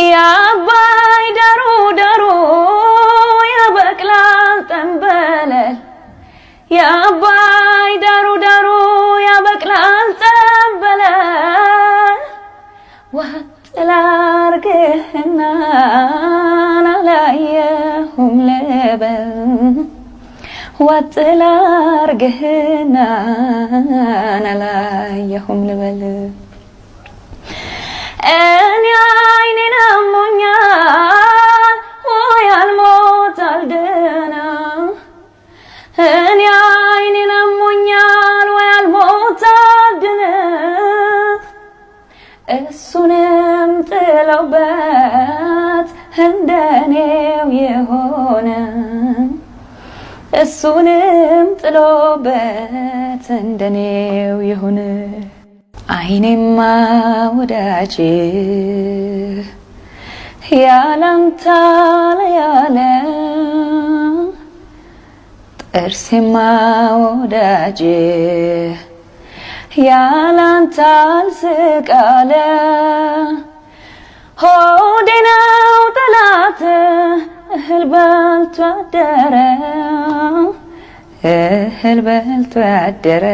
የአባይ ዳሩ ዳሩ ያበቅላል ጠንበለል የአባይ ዳሩ ዳሩ ጠንበለል አላየሁም አላየሁም ልበል እሱንም ጥለውበት እንደኔው የሆነ እሱንም ጥሎበት እንደኔው የሆነ አይኔማ ወዳጅ ያላንታ ለያለ ጥርሴማ ወዳጅ ያላንተ አልስቃለ ሆዴ ነው ጠላት እህል በልቶ አደረ እህል በልቶ አደረ